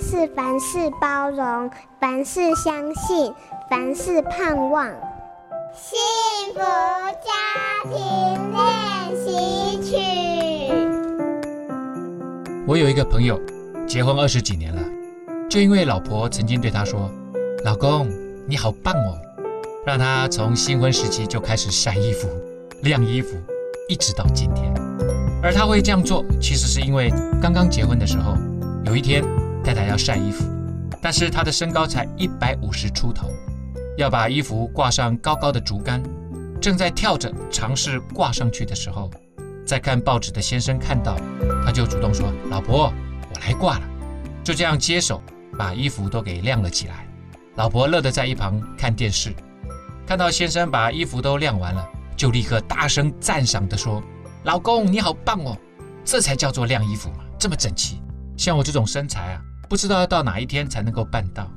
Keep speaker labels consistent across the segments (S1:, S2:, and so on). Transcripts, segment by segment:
S1: 是凡事包容，凡事相信，凡事盼望。幸福家庭練習曲。
S2: 我有一個朋友，結婚二十幾年了，就因為老婆曾經對他說：“老公，你好棒哦！”讓他從新婚時期就開始曬衣服、晾衣服，一直到今天。而他會這樣做，其實是因為剛剛結婚的時候，有一天。太太要曬衣服，但是她的身高才一百五十出頭，要把衣服掛上高高的竹竿。正在跳着嘗試掛上去的時候，在看報紙的先生看到，他就主動說：“老婆，我來掛了。”就這樣接手，把衣服都給晾了起來。老婆樂得在一旁看電視，看到先生把衣服都晾完了，就立刻大聲讚賞地說：“老公，你好棒哦，這才叫做晾衣服嘛，這麼整齊，像我這種身材啊。”不知道要到哪一天才能夠辦到。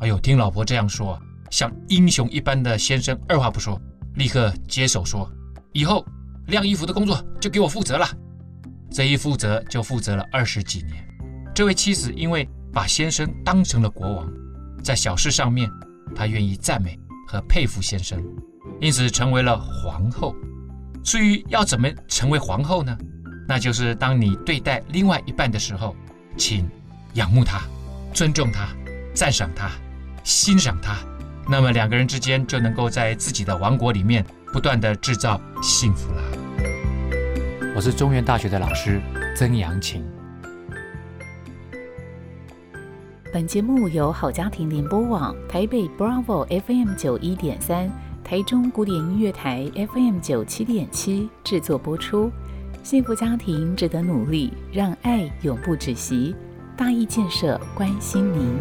S2: 哎呦，聽老婆這樣說啊，像英雄一般的先生二話不說，立刻接手說：“以後晾衣服的工作就給我負責了。”這一負責就負責了二十幾年。這位妻子因為把先生當成了國王，在小事上面，她願意讚美和佩服先生，因此成為了皇後。至於要怎麼成為皇後呢？那就是當你對待另外一半的時候，請。仰慕他，尊重他，讚賞他，欣賞他，那麼兩個人之間就能夠在自己的王國裡面不斷的制造幸福啦。我是中原大學的老師曾陽晴。
S3: 本節目由好家庭聯播網台北 Bravo FM 九一點三、台中古典音樂台 FM 九七點七製作播出。幸福家庭值得努力，讓愛永不止息。大毅建設關心您。